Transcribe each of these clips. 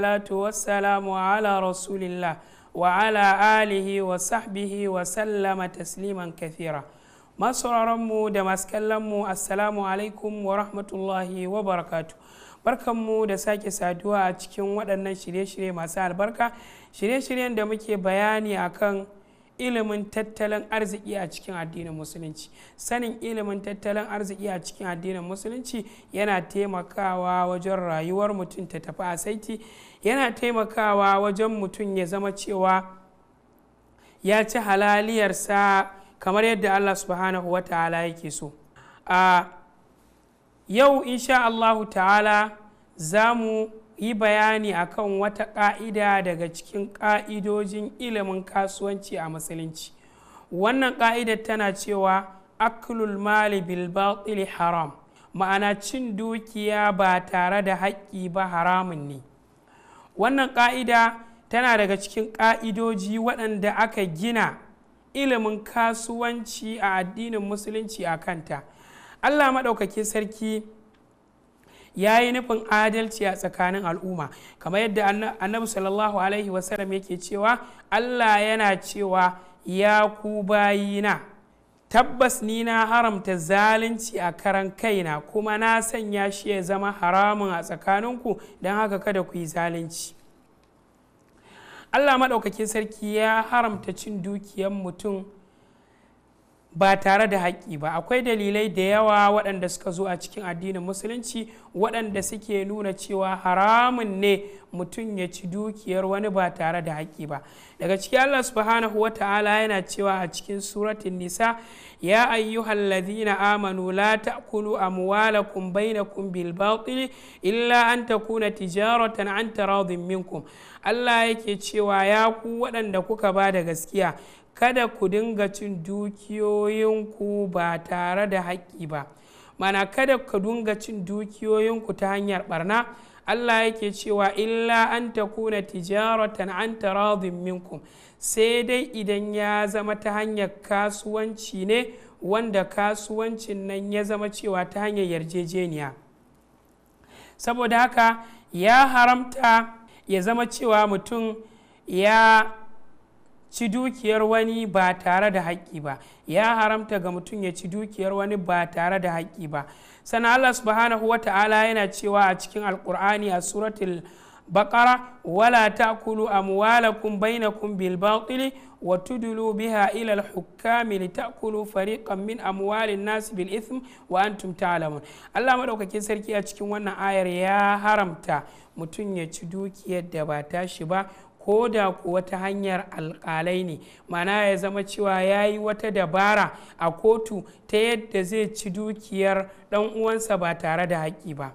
salatu wassalamu ala rasulillah wa ala alihi wa sahbihi wa sallama tasliman kathira masu da masu kallonmu assalamu alaikum wa rahmatullahi wa barakatu barkanmu da sake saduwa a cikin waɗannan shirye-shirye masu albarka shirye-shiryen da muke bayani akan ilimin tattalin arziki a cikin addinin musulunci sanin ilimin tattalin arziki a cikin addinin musulunci yana taimakawa wajen rayuwar mutum ta tafi a saiti yana taimakawa wajen mutum ya zama cewa ya ci halaliyarsa kamar yadda allah subhanahu wa ta'ala yake so a yau insha allahu ta'ala za mu yi bayani akan wata ƙa'ida daga cikin ƙa'idojin ilimin kasuwanci a musulunci wannan ƙa'idar tana cewa aklul mali bil batili haram ma'ana cin dukiya ba tare da haƙƙi ba haramun ne wannan ƙa'ida tana daga cikin ƙa'idoji waɗanda aka gina ilimin kasuwanci a addinin musulunci a kanta allah maɗaukakin sarki ya yi nufin adalci a tsakanin al'umma kamar yadda annabi sallallahu alaihi wasallam yake cewa allah yana cewa ya ku bayina tabbas ni na haramta zalunci a karan kaina kuma na sanya shi ya zama haramun a tsakaninku don haka kada ku yi zalunci allah maɗaukakin sarki ya haramta cin dukiyan mutum ba tare da haƙƙi ba akwai dalilai da yawa waɗanda suka zo a cikin addinin musulunci waɗanda suke nuna cewa haramun ne mutum ya ci dukiyar wani ba tare da haƙƙi ba daga ciki allah subhanahu wa ta'ala yana cewa a cikin suratun nisa ya ladina amanu la ta'kulu amwalakum bainakum bil batil illa an takuna tijaratan an taradin minkum allah yake cewa ya ku waɗanda kuka ba da gaskiya kada ku dinga cin dukiyoyinku ba tare da haƙƙi ba mana kada ku dinga cin dukiyoyinku ta hanyar barna Allah yake cewa illa an ta kuna tijaratan an taradin minkum sai dai idan ya zama ta hanyar kasuwanci ne wanda kasuwancin nan ya zama cewa ta hanyar yarjejeniya saboda haka ya haramta ya zama cewa mutum ya ci dukiyar wani ba tare da haƙƙi ba ya haramta ga mutum ya ci dukiyar wani ba tare da haƙƙi ba sana Allah subhanahu wa ta'ala yana cewa a cikin alƙur'ani a suratul baqara wala ta'kulu amwalakum bainakum bil batili wa tudlu biha ila al hukami li ta'kulu fariqan min amwalin nas bil ithm wa antum ta'lamun Allah madaukakin sarki a cikin wannan ayar ya haramta mutum ya ci dukiyar da ba tashi ba ko da kuwa ta hanyar alƙalai ne mana ya zama cewa ya yi wata dabara a kotu ta yadda zai ci dukiyar ɗan uwansa ba tare da haƙƙi ba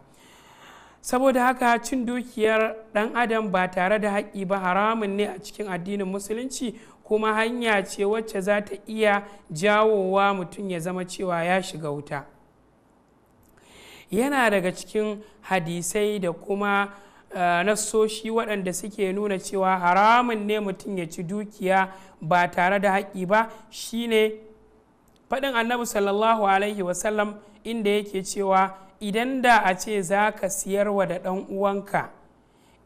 saboda haka cin dukiyar ɗan adam ba tare da haƙƙi ba haramun ne a cikin addinin musulunci kuma hanya ce wacce za ta iya jawowa mutum ya zama cewa ya shiga wuta yana daga cikin hadisai da kuma Eh, nassoshi waɗanda suke nuna cewa haramun ne mutum ya ci dukiya ba tare da haƙƙi ba shine faɗin annabi sallallahu alaihi wasallam inda yake cewa idan da a ce za ka siyarwa da ɗan uwanka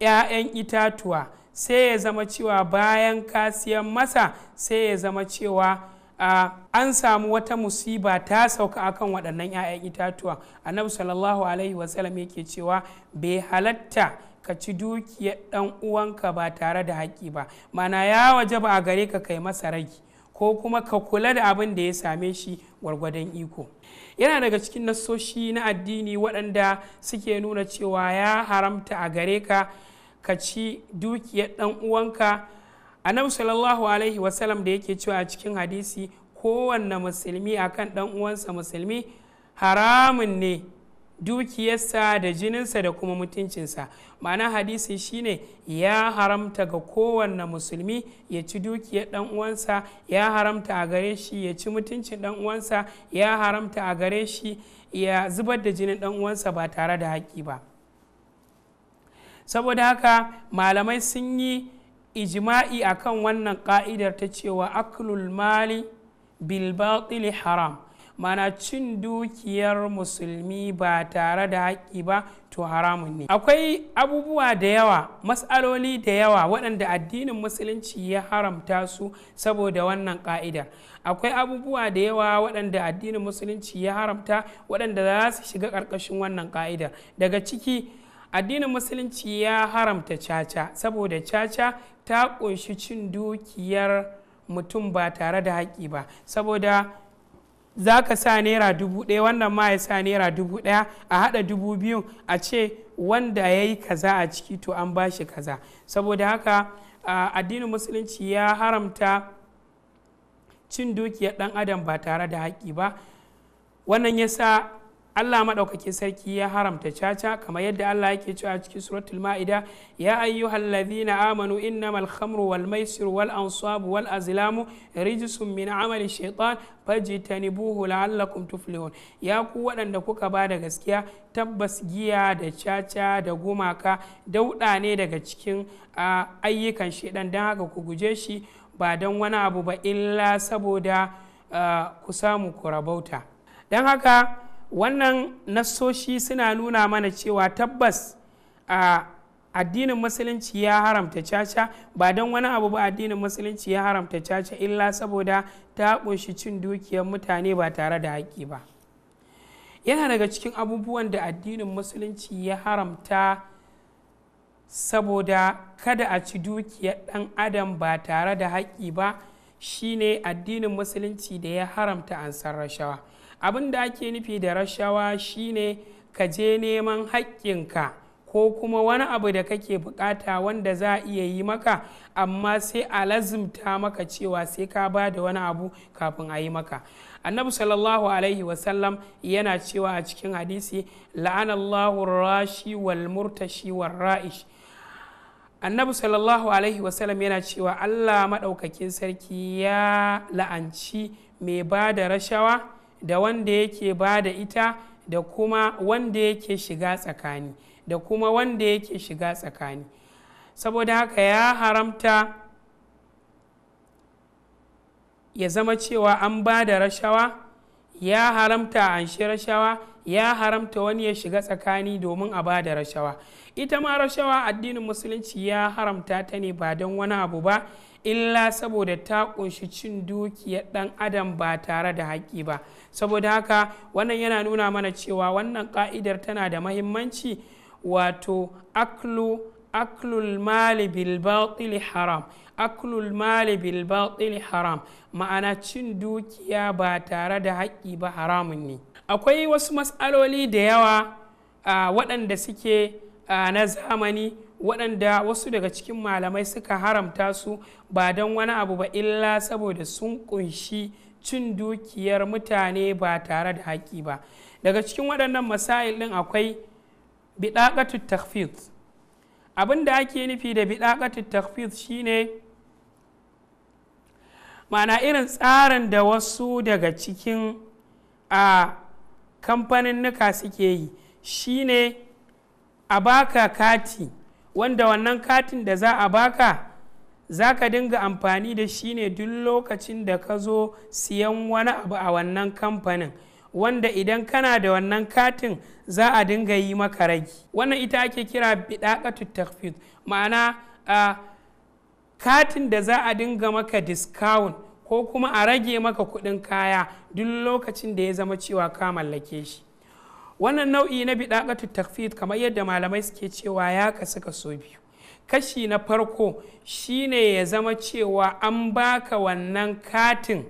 'ya'yan itatuwa sai ya zama cewa bayan ka siyan masa sai ya zama cewa Uh, an samu wata musiba ta sauka akan waɗannan 'ya'yan itatuwa annabi sallallahu alaihi wasallam yake cewa bai halatta ka ci dukiyar ɗan uwanka ba tare da haƙƙi ba mana ya waje ba a gare ka kai masa ragi ko kuma ka kula da abin da ya same shi gwargwadon iko yana daga cikin nasoshi na addini waɗanda suke nuna cewa ya haramta a gare ka ka ci dukiyar ɗan uwanka annabi sallallahu alaihi wasallam da yake cewa a cikin hadisi kowanne musulmi akan ɗan uwansa musulmi haramun ne dukiyarsa da jininsa da kuma mutuncinsa ma'ana hadisi shine ya haramta ga kowanne musulmi ya ci dukiyar dan uwansa ya haramta a gare shi ya ci mutuncin dan uwansa ya haramta a gare shi ya zubar da jinin dan uwansa ba tare da haƙƙi ba saboda haka malamai sun yi ijima'i akan wannan ka'idar ta cewa aklul mali bil haram mana cin dukiyar musulmi ba tare da haƙƙi ba to haramun ne akwai abubuwa da yawa matsaloli da yawa waɗanda addinin musulunci ya haramta su saboda wannan ƙa'idar akwai abubuwa da yawa waɗanda addinin musulunci ya haramta waɗanda za su shiga ƙarƙashin wannan ƙa'idar daga ciki addinin musulunci ya haramta caca saboda caca ta ƙunshi cin dukiyar mutum ba tare da haƙƙi ba saboda za ka sa naira dubu ɗaya wannan ma ya sa naira dubu ɗaya a haɗa dubu biyu a ce wanda ya yi kaza a ciki to an ba shi kaza saboda haka addinin musulunci ya haramta cin dukiyar ɗan adam ba tare da haƙƙi ba wannan ya sa Allah maɗaukakin sarki ya haramta caca kamar yadda Allah yake cewa cikin suratul ma'ida ya ayyuhal ladhina amanu innamal khamru wal maisir wal ansabu wal azlamu rijsun min amali shaytan fajtanibuhu la'allakum tuflihun ya ku waɗanda kuka ba da gaskiya tabbas giya da caca da gumaka dauɗa ne daga cikin ayyukan shaitan dan haka ku guje shi ba dan wani abu ba illa saboda ku samu ku rabauta dan haka wannan nassoshi suna nuna mana cewa tabbas a addinin musulunci ya haramta caca ba don wani abu ba addinin musulunci ya haramta caca illa saboda ta ƙunshi cin dukiyar mutane ba tare da haƙƙi ba yana daga cikin abubuwan da addinin musulunci ya haramta saboda kada a ci dukiyar ɗan adam ba tare da haƙƙi ba shine addinin musulunci da ya haramta ansar rashawa abin da ake nufi da rashawa shine ka je neman haƙƙinka ko kuma wani abu da kake buƙata wanda za a iya yi maka amma sai a lazimta maka cewa sai ka ba da wani abu kafin a yi maka annabi sallallahu alaihi wasallam yana cewa a cikin hadisi la'anallahu rashi wal murtashi wal ra'ish annabi sallallahu alaihi wasallam yana cewa allah maɗaukakin sarki ya la'anci mai ba da rashawa da wanda yake ba da ita da kuma wanda yake shiga tsakani da kuma wanda yake shiga tsakani saboda haka ya haramta ya zama cewa an ba da rashawa ya haramta an shi rashawa ya haramta wani ya shiga tsakani domin a ba da rashawa ita ma rashawa addinin musulunci ya haramta ta ne ba don wani abu ba illa saboda ta ƙunshi cin dukiyar ɗan adam ba tare da haƙƙi ba saboda haka wannan yana nuna mana cewa wannan ƙa'idar tana da mahimmanci wato aklu aklul mali bil batil haram aklul mali bil batil haram ma'ana cin dukiya ba tare da haƙƙi ba haramun ne akwai wasu matsaloli da yawa waɗanda suke na zamani waɗanda wasu daga cikin malamai suka haramta su ba don wani abu ba illa saboda sun kunshi cin dukiyar mutane ba tare da haƙƙi ba daga cikin waɗannan masail ɗin akwai biɗaƙatu takfid abin da ake nufi da biɗaƙatu shi shine ma'ana irin tsarin da wasu daga cikin a kamfanin nuka suke yi shine a baka kati wanda wannan katin da za a baka za ka dinga amfani da shi ne duk lokacin da ka zo siyan wani abu a wannan kamfanin wanda idan kana da wannan katin za a dinga yi maka ragi wannan ita ake kira bidaƙatu takfid ma'ana a katin da za a dinga maka discount ko kuma a rage maka kuɗin kaya duk lokacin da ya zama cewa ka mallake shi wannan nau'i na bidaqatu takfid kamar yadda malamai suke cewa ya kasu so biyu kashi na farko shine ya zama cewa an baka wannan katin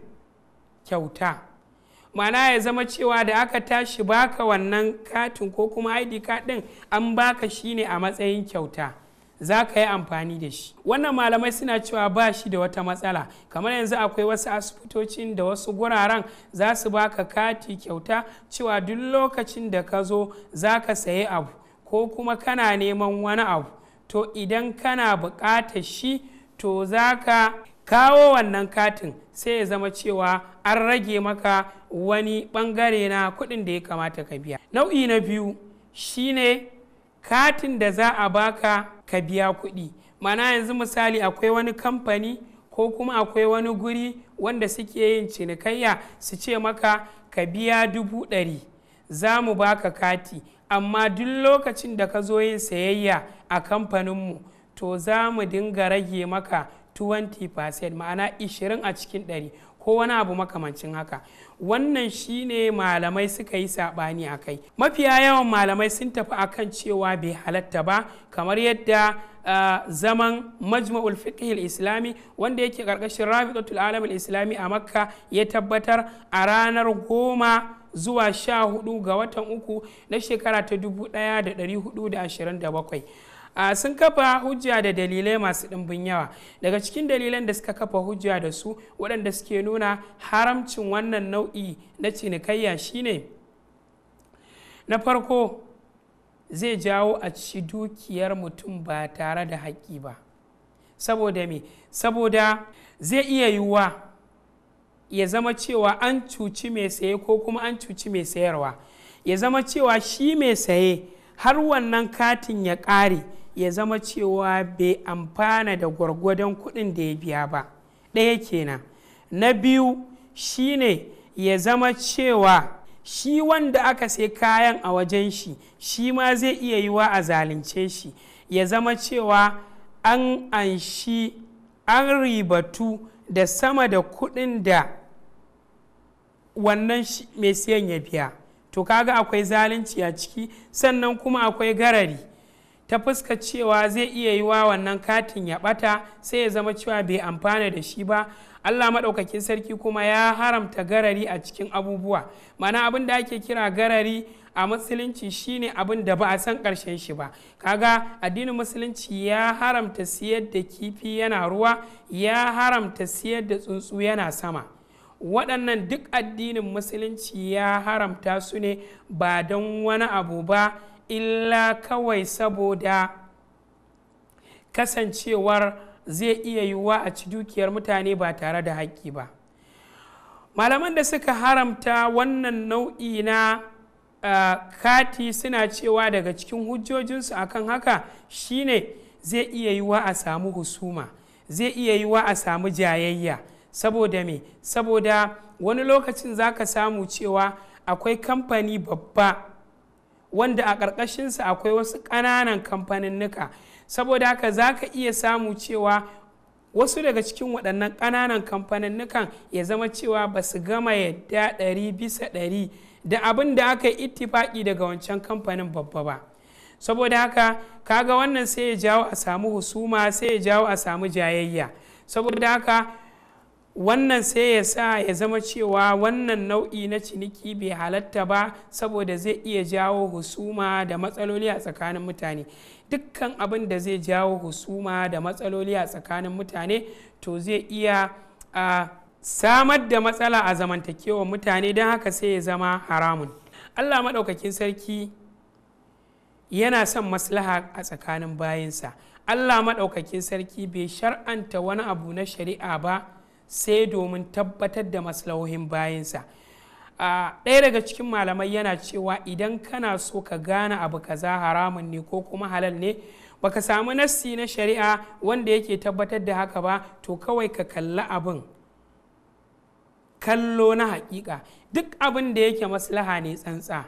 kyauta mana ya zama cewa da aka tashi baka wannan katin ko kuma id card din an baka shine a matsayin kyauta za ka yi amfani da shi wannan malamai suna cewa ba shi da wata matsala kamar yanzu akwai wasu asibitocin da wasu guraren za su baka kati kyauta cewa duk lokacin da ka zo za ka sayi abu ko kuma kana neman wani abu to idan kana buƙatar shi to za ka kawo wannan katin sai ya zama cewa an rage maka wani ɓangare na kuɗin da ya kamata ka biya nau'i na biyu shine katin da za a baka ka biya kuɗi mana yanzu misali akwai wani kamfani ko kuma akwai wani guri wanda suke yin cinikayya su ce maka ka biya dubu ɗari za mu baka kati amma duk lokacin da ka zo yin sayayya a kamfaninmu to za mu dinga rage maka 20% ma'ana 20 a cikin ɗari. ko wani abu makamancin haka wannan shine malamai suka yi saɓani a kai mafiya yawan malamai sun tafi akan cewa bai halatta ba kamar yadda Uh, zaman majma'ul fiqh islami wanda yake karkashin rafidatul alam islami a makka ya tabbatar a ranar goma zuwa sha hudu ga watan uku na shekara ta dubu daya da da da dari hudu ashirin bakwai. a sun kafa hujja da dalilai masu ɗimbin yawa daga cikin dalilan da suka kafa hujja da su waɗanda suke nuna haramcin wannan nau'i na cinikayya shine na farko zai jawo a ci dukiyar mutum ba tare da haƙƙi ba saboda me saboda zai iya yiwuwa ya zama cewa an cuci mai saye ko kuma an cuci mai sayarwa ya zama cewa shi mai saye har wannan katin ya ƙare ya zama cewa bai amfana da gwargwadon kuɗin da ya biya ba ɗaya kenan na biyu shine ya zama cewa shi wanda aka sai kayan a wajen shi shi ma zai iya yiwa a zalunce shi ya zama cewa an anshi an ribatu da sama da kuɗin da wannan mai siyan ya biya to kaga akwai zalunci a ciki sannan kuma akwai garari ta fuska cewa zai iya yi wa wannan katin ya bata sai ya zama cewa bai amfana da shi ba allah maɗaukakin sarki kuma ya haramta garari a cikin abubuwa mana abin da ake kira garari a musulunci shine abin da ba a san ƙarshen shi ba kaga addinin musulunci ya haramta siyar da kifi yana ruwa ya haramta siyar da tsuntsu yana sama waɗannan duk addinin musulunci ya haramta su ne ba don wani abu ba illa kawai saboda kasancewar zai iya yiwuwa a ci dukiyar mutane ba tare da haƙƙi ba malaman da suka haramta wannan nau'i na kati suna cewa daga cikin hujjojinsu akan haka shine zai iya yiwuwa a samu husuma zai iya yiwuwa a samu jayayya saboda me saboda wani lokacin za ka samu cewa akwai kamfani babba wanda a ƙarƙashinsa akwai wasu ƙananan kamfaninnika saboda haka za ka iya samu cewa wasu daga cikin waɗannan ƙananan kamfaninnikan ya zama cewa ba su gama yadda ɗari bisa ɗari da abin da aka yi ittifaƙi daga wancan kamfanin babba ba saboda haka kaga wannan sai ya jawo a samu husuma sai ya jawo a samu jayayya saboda haka wannan sai ya sa ya zama cewa wannan nau'i na ciniki bai halatta ba saboda zai iya jawo husuma da matsaloli a tsakanin mutane dukkan abin da zai jawo husuma da matsaloli a tsakanin mutane to zai iya a samar da matsala a zamantakewa mutane don haka sai ya zama haramun allah maɗaukakin sarki yana son maslaha a tsakanin bayansa allah maɗaukakin sarki bai shar'anta wani abu na shari'a ba sai domin tabbatar da maslahohin bayansa ɗaya daga cikin malamai yana cewa idan kana so ka gane abu kaza haramun ne ko kuma halal ne baka samu nassi na shari'a wanda yake tabbatar da haka ba to kawai ka kalli abin kallo na hakika duk abin da yake maslaha ne tsantsa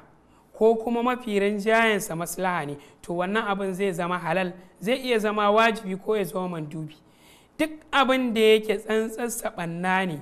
ko kuma mafi rinjayensa maslaha ne to wannan abin zai zama halal zai iya zama wajibi ko ya zama mandubi duk abin da yake tsantsar saɓanna ne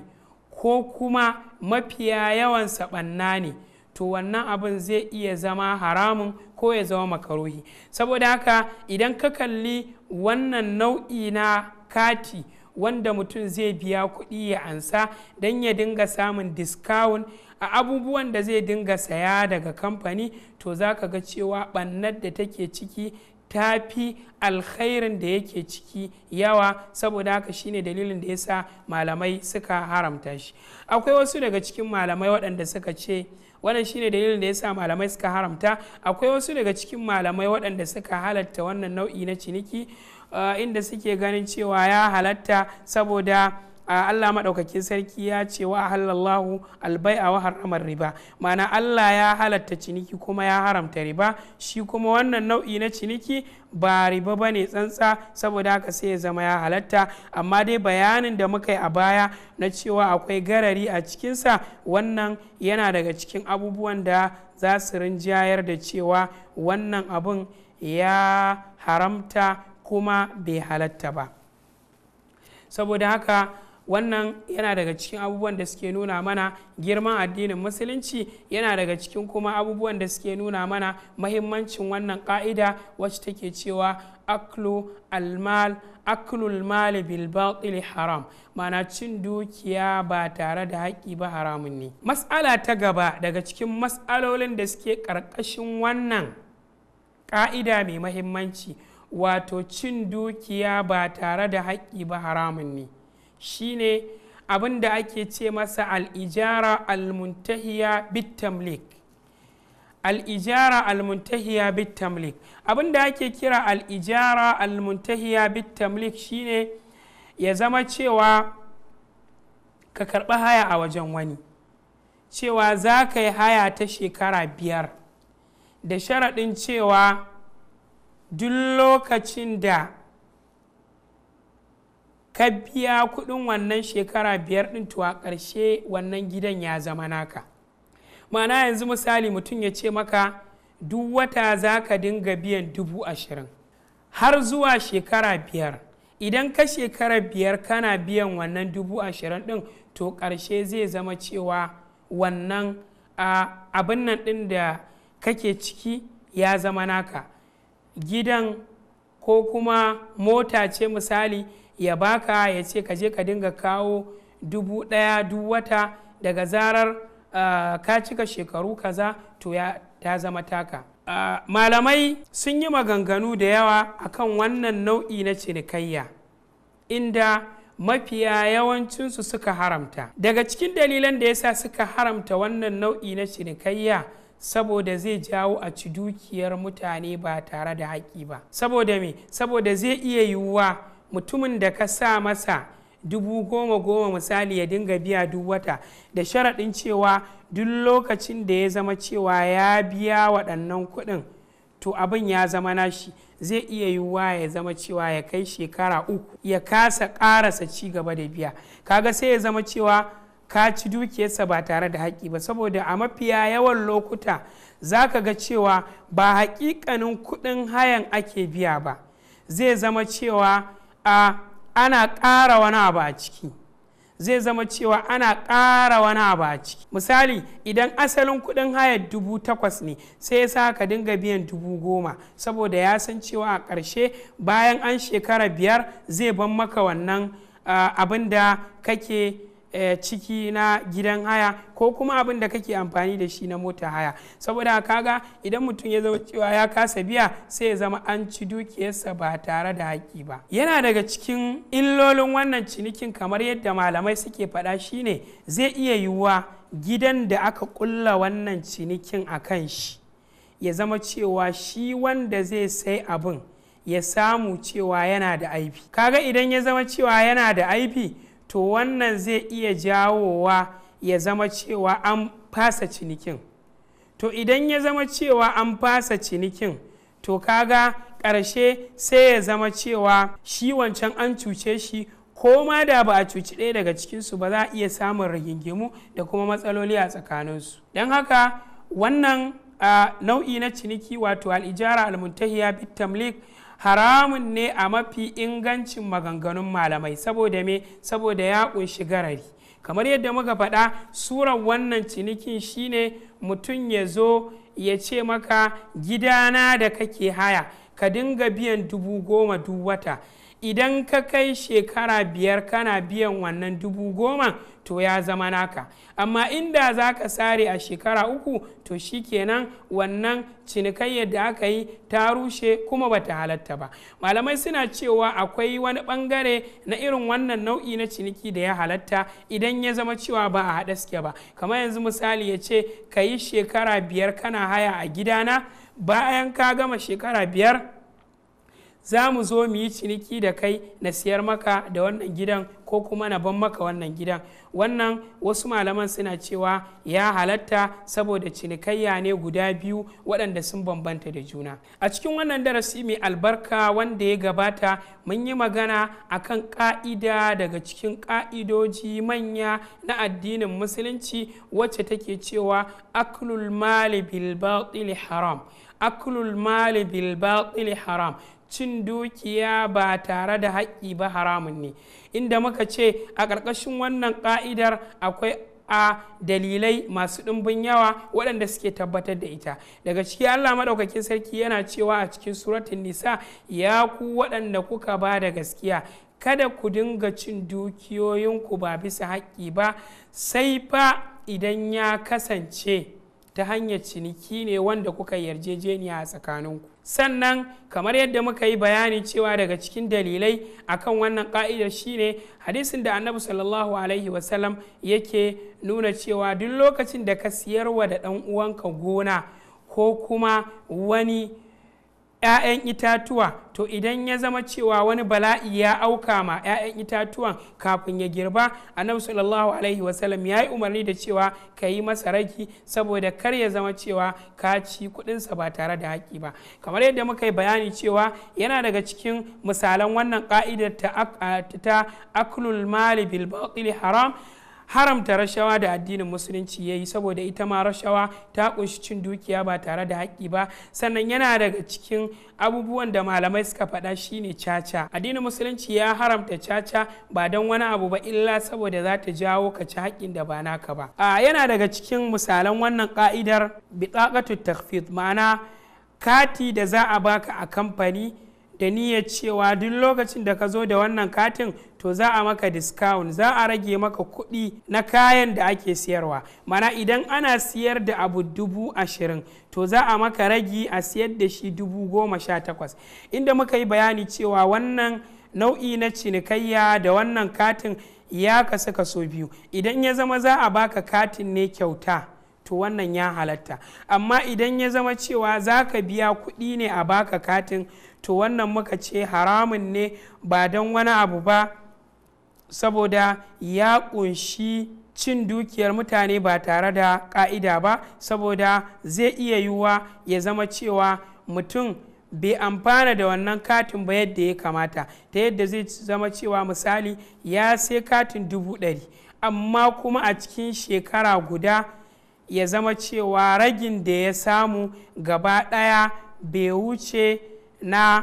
ko kuma mafiya yawan saɓanna ne to wannan abin zai iya zama haramun ko ya zama makaruhi saboda haka idan ka kalli wannan nau'i na kati wanda mutum zai biya kuɗi ya ansa don ya dinga samun discount a abubuwan da zai dinga saya daga kamfani to za ka ga cewa ɓannar da take ciki ta fi alkhairin da yake ciki yawa saboda haka shine dalilin da yasa malamai suka haramta shi akwai wasu daga cikin malamai waɗanda suka ce wannan shine dalilin da yasa malamai suka haramta akwai wasu daga cikin malamai waɗanda suka halatta wannan nau'i na ciniki Eh, inda suke ganin cewa ya halatta saboda eh, Allah maɗaukakin sarki ya ce wa halallahu a wahar haramar riba mana Allah ya halatta ciniki kuma ya haramta riba shi kuma wannan nau'i na ciniki ba riba ba ne tsantsa saboda haka sai ya zama ya halatta amma dai bayanin da muka yi a baya na cewa akwai garari a cikinsa wannan yana daga cikin abubuwan da za su rinjayar da cewa wannan abun ya haramta kuma bai halatta ba saboda haka wannan yana daga cikin abubuwan da suke nuna mana girman addinin musulunci yana daga cikin kuma abubuwan da suke nuna mana mahimmancin wannan ka'ida wacce take cewa aklu almal aklu mali bil batil haram mana cin dukiya ba tare da haƙƙi ba haramun ne mas'ala ta gaba daga cikin mas'alolin da suke ƙarƙashin wannan ka'ida mai mahimmanci wato cin dukiya ba tare da haƙƙi ba haramun ne shine abin da ake ce masa al'ijara almuntahiya bitamlik al'ijara almuntahiya bitamlik abin da ake kira al'ijara almuntahiya bitamlik shine ya zama cewa ka karɓi haya a wajen wani cewa za ka yi haya ta shekara biyar da sharaɗin cewa duk lokacin da ka biya kuɗin wannan shekara biyar ɗin to a ƙarshe wannan gidan ya zama naka ma'ana yanzu misali mutum ya ce maka duk wata za ka dinga biyan dubu ashirin har zuwa shekara biyar idan ka shekara biyar kana biyan wannan dubu ashirin ɗin to ƙarshe zai zama cewa wannan abin nan ɗin da kake ciki ya zama naka gidan ko kuma mota ce misali ya baka ya ce ka je ka dinga kawo dubu ɗaya duk wata daga zarar uh, ka cika shekaru kaza to ya ta zama taka malamai sun yi maganganu da yawa akan wannan nau'i na cinikayya inda mafiya yawancinsu suka haramta daga cikin dalilan da ya sa suka haramta wannan nau'i na cinikayya saboda zai jawo a ci dukiyar mutane ba tare da haƙƙi ba saboda me saboda zai iya yiwuwa mutumin da ka sa masa dubu goma goma misali ya dinga biya duk wata da sharaɗin cewa duk lokacin da ya zama cewa ya biya waɗannan kuɗin to abin ya zama nashi zai iya yiwuwa ya zama cewa ya kai shekara uku ya kasa ƙarasa ci gaba da biya kaga sai ya zama cewa ka ci dukiyarsa ba tare da haƙƙi ba saboda a mafiya yawan lokuta za ka ga cewa ba haƙiƙanin kuɗin hayan ake biya ba zai zama cewa a ana ƙara wani abu a ciki zai zama cewa ana ƙara wani abu a ciki misali idan asalin kuɗin hayar dubu takwas ne sai ya sa ka dinga biyan dubu goma saboda ya san cewa a ƙarshe bayan an shekara biyar zai ban maka wannan abin da kake Eh, ciki na gidan haya ko kuma abin da kake amfani da shi na mota haya saboda kaga idan mutum ya zama cewa ya kasa biya sai ya zama an ci dukiyarsa ba tare da haƙƙi ba yana daga cikin illolin wannan cinikin kamar yadda malamai suke faɗa shine zai iya yiwuwa gidan da aka ƙulla wannan cinikin a kan shi ya zama cewa shi wanda zai sai abin ya samu cewa yana da aibi kaga idan ya zama cewa yana da aibi to wannan zai iya jawowa ya zama cewa an fasa cinikin to idan ya zama cewa an fasa cinikin to kaga ƙarshe sai ya zama cewa shi wancan an cuce shi ko ma da ba a cuci ɗaya daga cikinsu ba za a iya samun rigingimu da kuma matsaloli a tsakaninsu don haka wannan nau'i na ciniki wato al'ijara al-muntahiya bit tamlik haramun ne a mafi ingancin maganganun malamai saboda me saboda ya ƙunshi garari kamar yadda muka faɗa surar wannan cinikin shine mutum ya zo ya ce maka gidana da kake haya ka dinga biyan dubu goma duk wata idan ka kai shekara biyar kana biyan wannan dubu goma to ya zama naka amma inda za ka sare a shekara uku to shi shikenan wannan cinikayyar da aka yi ta rushe kuma bata halatta ba malamai suna cewa akwai wani bangare na irin wannan nau'i na ciniki da ya halatta idan ya zama cewa ba a haɗa suke ba kamar yanzu misali ya ce ka yi shekara biyar kana haya a gidana bayan ka gama shekara biyar za mu zo mu yi ciniki da kai na siyar maka da wannan gidan ko kuma na ban maka wannan gidan wannan wasu malaman suna cewa ya halatta saboda cinikayya ne guda biyu waɗanda sun bambanta da juna a cikin wannan darasi mai albarka wanda ya gabata mun yi magana a kan ka'ida daga cikin ƙa'idoji manya na addinin musulunci wacce take cewa aklul mali bil haram aklul mali bil haram cin dukiya ba tare da haƙƙi ba haramun ne inda muka ce a ƙarƙashin wannan ƙa'idar akwai a dalilai masu ɗumbin yawa waɗanda suke tabbatar da ita daga ciki allah maɗaukakin sarki yana cewa a cikin suratun nisa ya ku waɗanda kuka ba da gaskiya kada ku dinga cin dukiyoyinku ba bisa haƙƙi ba sai fa idan ya kasance ta hanyar ciniki ne wanda kuka yarjejeniya a tsakaninku sannan kamar yadda muka yi bayani cewa daga cikin dalilai akan wannan ka'idar shine hadisin da annabi sallallahu alaihi wasallam yake nuna cewa duk lokacin da ka siyarwa da ɗan uwanka gona ko kuma wani 'ya'yan itatuwa to idan ya zama cewa wani bala'i ya auka ma 'ya'yan itatuwan kafin ya girba annabi sallallahu alaihi wasallam ya yi umarni da cewa ka yi masa raki saboda kar ya zama cewa ka ci kudinsa ba tare da haƙi ba kamar yadda muka yi bayani cewa yana daga cikin misalan wannan ka'idar ta aklul mali bil haram haramta rashawa da addinin musulunci ya yi saboda ita ma rashawa ta kunshi cin dukiya ba tare da haƙƙi ba sannan yana daga cikin abubuwan da malamai suka faɗa shine caca addinin musulunci ya haramta caca ba don wani abu ba illa saboda za ta jawo ka ci haƙƙin da ba naka ba a yana daga cikin misalan wannan ka'idar bitaqatu takhfid ma'ana kati da za a baka a kamfani da niyyar cewa duk lokacin da ka zo da wannan katin to za a maka discount za a rage maka kuɗi na kayan da ake siyarwa mana idan ana siyar da abu dubu ashirin to za a maka ragi a siyar da shi dubu goma sha takwas inda muka yi bayani cewa wannan nau'i na cinikayya da wannan katin ya kasu kaso biyu idan ya zama za a baka katin ne kyauta to wannan ya halatta amma idan ya zama cewa za ka biya kuɗi ne a baka katin to wannan muka ce haramun ne ba don wani abu ba saboda ya ƙunshi cin dukiyar mutane ba tare da ƙa'ida ba saboda zai iya yiwuwa ya zama cewa mutum bai amfana da wannan katin ba yadda ya kamata ta yadda zai zama cewa misali ya sai katin dubu ɗari amma kuma a cikin shekara guda ya zama cewa ragin da ya samu gaba ɗaya bai wuce na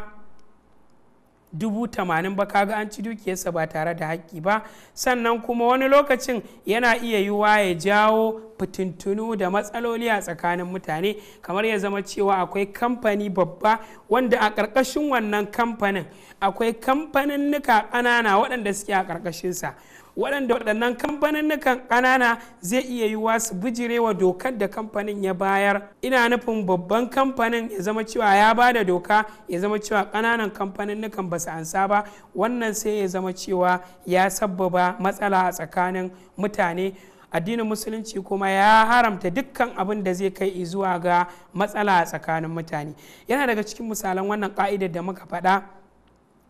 dubu tamanin ba kaga an ci dukiyarsa ba tare da haƙƙi ba sannan kuma wani lokacin yana iya yiwuwa ya jawo fitintunu da matsaloli a tsakanin mutane kamar ya zama cewa akwai kamfani babba wanda a ƙarƙashin wannan kamfanin akwai kamfanin nuka ƙanana waɗanda suke a ƙarƙashinsa waɗanda waɗannan kamfaninnukan ƙanana zai iya yiwuwa su bijirewa dokar da kamfanin ya bayar ina nufin babban kamfanin ya zama cewa ya ba da doka ya zama cewa ƙananan kamfaninnukan ba su ansa ba wannan sai ya zama cewa ya sabbaba matsala a tsakanin mutane addinin musulunci kuma ya haramta dukkan abin da zai kai zuwa ga matsala a tsakanin mutane yana daga cikin misalan wannan ka'idar da muka faɗa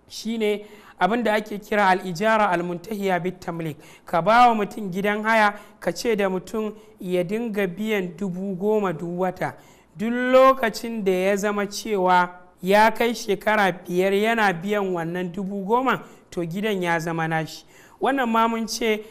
shine abin da ake kira al'ijara almuntahiya bit tamlik ka ba wa mutum gidan haya ka ce da mutum ya dinga biyan dubu goma duk wata duk lokacin da ya zama cewa ya kai shekara biyar yana biyan wannan dubu goma to gidan ya zama nashi wannan ma mun ce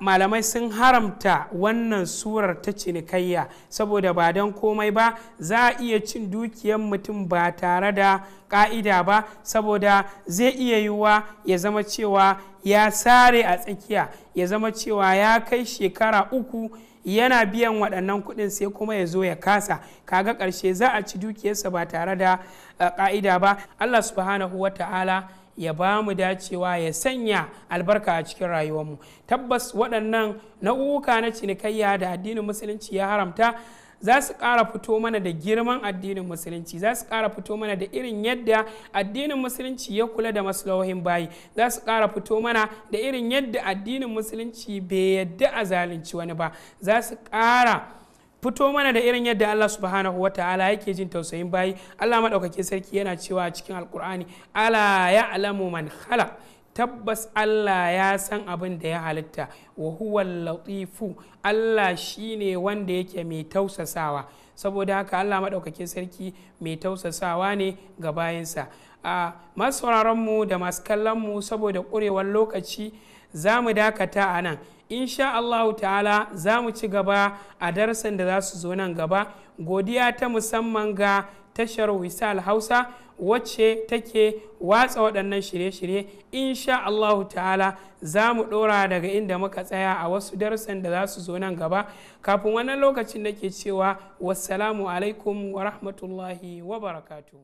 malamai sun haramta wannan surar ta cinikayya saboda ba don komai ba za a iya cin dukiyar mutum ba tare da ka'ida ba saboda zai iya yiwuwa ya zama cewa ya sare a tsakiya ya zama cewa ya kai shekara uku yana biyan waɗannan kuɗin sai kuma ya zo ya kasa kaga ƙarshe za a ci dukiyarsa ba tare da eh, ƙa'ida ba allah subhanahu wa ta'ala ya ba mu dacewa ya sanya albarka a cikin rayuwarmu tabbas waɗannan na'uka na cinikayya da addinin musulunci ya haramta za su ƙara fito mana da girman addinin musulunci za su ƙara fito mana da irin yadda addinin musulunci ya kula da maslahohin bayi za su ƙara fito mana da irin yadda addinin musulunci bai yadda a zalunci wani ba za su ƙara fito mana da irin yadda Allah subhanahu wa ta'ala yake jin tausayin bayi Allah maɗaukakin sarki yana cewa a cikin alkur'ani ala ya alamu man khala tabbas Allah ya san abin da ya halitta wa huwa latifu Allah shine wanda yake mai tausasawa saboda haka Allah maɗaukakin sarki mai tausasawa ne ga bayansa a masu mu da masu kallon mu saboda ƙurewar lokaci za mu dakata a nan insha Allahu ta'ala za mu ci gaba a darasin da za su zo nan gaba godiya ta musamman ga tashar wisal hausa wacce take watsa waɗannan shirye-shirye insha Allahu ta'ala za mu ɗora daga inda muka tsaya a wasu darasan da za su zo nan gaba kafin wannan lokacin da ke cewa wassalamu alaikum wa rahmatullahi wa barakatu.